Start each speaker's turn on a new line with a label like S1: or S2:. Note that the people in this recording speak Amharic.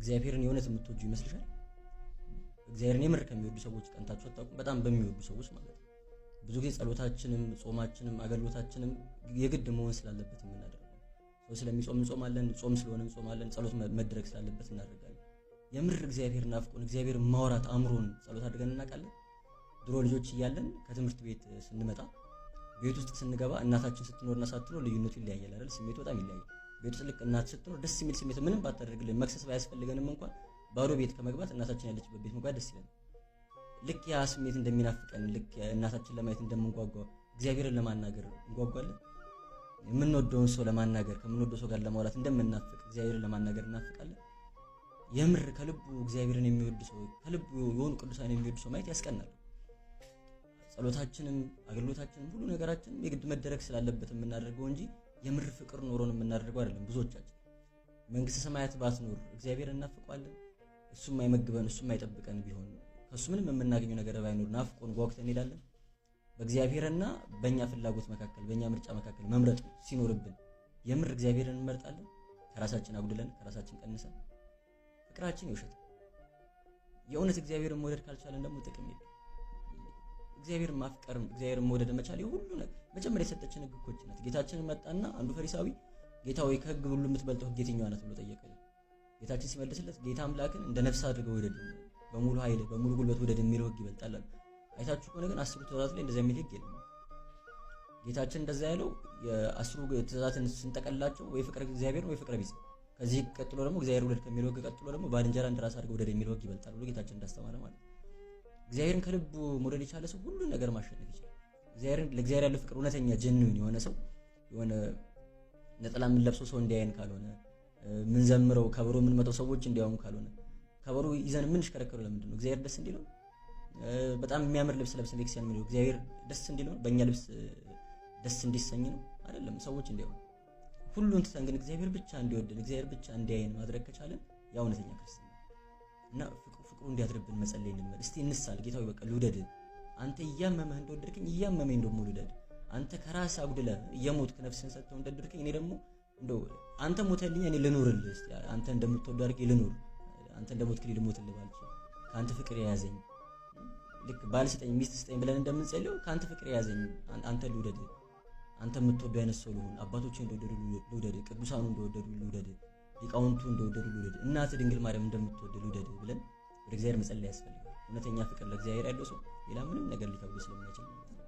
S1: እግዚአብሔርን የእውነት የምትወጁ ይመስልሻል? እግዚአብሔርን የምር ከሚወዱ ሰዎች ቀንታችሁ አታውቁም። በጣም በሚወዱ ሰዎች ማለት ነው። ብዙ ጊዜ ጸሎታችንም ጾማችንም አገልግሎታችንም የግድ መሆን ስላለበት የምናደርገው ሰው ስለሚጾም እንጾማለን፣ ጾም ስለሆነ እንጾማለን፣ ጸሎት መድረግ ስላለበት እናደርጋለን። የምር እግዚአብሔር ናፍቆን እግዚአብሔር ማውራት አእምሮን ጸሎት አድርገን እናውቃለን። ድሮ ልጆች እያለን ከትምህርት ቤት ስንመጣ ቤት ውስጥ ስንገባ እናታችን ስትኖርና ሳትኖር ልዩነቱ ይለያያል አይደል? ስሜቱ በጣም ይለያያል። ቤት ልክ እናት ስትኖር ደስ የሚል ስሜት ምንም ባታደርግልን መክሰስ ባያስፈልገንም እንኳን ባዶ ቤት ከመግባት እናታችን ያለችበት ቤት መግባት ደስ ይላል። ልክ ያ ስሜት እንደሚናፍቀን ልክ እናታችን ለማየት እንደምንጓጓ እግዚአብሔርን ለማናገር እንጓጓለን። የምንወደውን ሰው ለማናገር ከምንወደው ሰው ጋር ለማውራት እንደምናፍቅ እግዚአብሔርን ለማናገር እናፍቃለን። የምር ከልቡ እግዚአብሔርን የሚወድ ሰው ከልቡ የሆኑ ቅዱሳን የሚወድ ሰው ማየት ያስቀናል። ጸሎታችንም አገልግሎታችንም ሁሉ ነገራችንም የግድ መደረግ ስላለበት የምናደርገው እንጂ የምር ፍቅር ኖሮን የምናደርገው አይደለም። ብዙዎቻችን መንግስተ ሰማያት ባትኖር እግዚአብሔር እናፍቋለን። እሱ የማይመግበን እሱም የማይጠብቀን ቢሆን ከእሱ ምንም የምናገኘው ነገር ባይኖር ናፍቆን ጓጉተን እንሄዳለን። በእግዚአብሔርና በእኛ ፍላጎት መካከል በእኛ ምርጫ መካከል መምረጥ ሲኖርብን የምር እግዚአብሔርን እንመርጣለን። ከራሳችን አጉድለን ከራሳችን ቀንሰን ፍቅራችን ይውሸት። የእውነት እግዚአብሔርን መውደድ ካልቻለን ደግሞ ጥቅም የለም። እግዚአብሔር ማፍቀር እግዚአብሔር መውደድ መቻል ሁሉ ነገር መጀመሪያ የሰጠችን ህግ እኮች ናት። ጌታችን መጣና አንዱ ፈሪሳዊ ጌታ ወይ ከህግ ሁሉ የምትበልጠው ህግ የትኛዋ ናት ብሎ ጠየቀ። ጌታችን ሲመልስለት ጌታ አምላክን እንደ ነፍስ አድርገው ውደድ፣ በሙሉ ኃይል በሙሉ ጉልበት ውደድ የሚለው ህግ ይበልጣል። አይታችሁ ከሆነ ግን አስሩ ትእዛዛት ላይ እንደዚያ የሚል ህግ የለም። ጌታችን እንደዛ ያለው የአስሩ ትእዛዛትን ስንጠቀላቸው ወይ ፍቅር እግዚአብሔር ወይ ፍቅር ቢጽ ከዚህ ቀጥሎ ደግሞ እግዚአብሔር ውደድ ከሚለው ህግ ቀጥሎ ደግሞ ባልንጀራ እንደራስ አድርገው ውደድ የሚለው ህግ ይበልጣል ብሎ ጌታችን እንዳስተማረ ማለት ነው። እግዚአብሔርን ከልቡ መውደድ የቻለ ሰው ሁሉን ነገር ማሸነፍ ይችላል። እግዚአብሔርን ለእግዚአብሔር ያለው ፍቅር እውነተኛ ጀንውን የሆነ ሰው የሆነ ነጠላ የምንለብሰው ሰው እንዲያየን ካልሆነ የምንዘምረው ከበሮ የምንመተው ሰዎች እንዲያውም ካልሆነ ከበሮ ይዘን የምንሽከረከረው ለምንድን ነው? እግዚአብሔር ደስ እንዲለው በጣም የሚያምር ልብስ ለብሰን ቤተክርስቲያን የምንሄደው እግዚአብሔር ደስ እንዲለው በእኛ ልብስ ደስ እንዲሰኝ ነው አይደለም፣ ሰዎች እንዲያው ሁሉን ትተን ግን እግዚአብሔር ብቻ እንዲወደን እግዚአብሔር ብቻ እንዲያየን ማድረግ ከቻለን ያ እውነተኛ ክርስትና እና ፍቅሩ እንዲያድርብን መጸለይ እንመል። እስቲ እንሳል። ጌታዊ በቃ ልውደድ። አንተ እያመመህ እንደወደድከኝ እያመመኝ ደግሞ ልውደድ። አንተ ከራስህ አጉድለህ እየሞትክ ነፍስህን ሰጥተህ እንደወደድከኝ እኔ ደግሞ እንደው አንተ ሞተልኝ እኔ ልኖርልህ። እስቲ አንተ እንደምትወደው አድርጌ ልኖር። አንተ እንደሞትክልኝ ልሞትልህ ባልኩህ ከአንተ ፍቅር የያዘኝ ልክ ባል ስጠኝ ሚስት ስጠኝ ብለን እንደምንጸልየው ከአንተ ፍቅር የያዘኝ አንተ ልውደድ። አንተ የምትወደው አይነት ሰው ልሁን። አባቶቼ እንደወደዱ ልውደድ። ቅዱሳኑ እንደወደዱ ልውደድ። ሊቃውንቱ እንደወደዱ ልውደድ። እናት ድንግል ማርያም እንደምትወደድ ልውደድ ብለን ወደ እግዚአብሔር መጸለይ ያስፈልጋል። እውነተኛ ፍቅር ለእግዚአብሔር ያለው ሰው ሌላ ምንም ነገር ሊከብድ ስለማይችል ማለት ነው።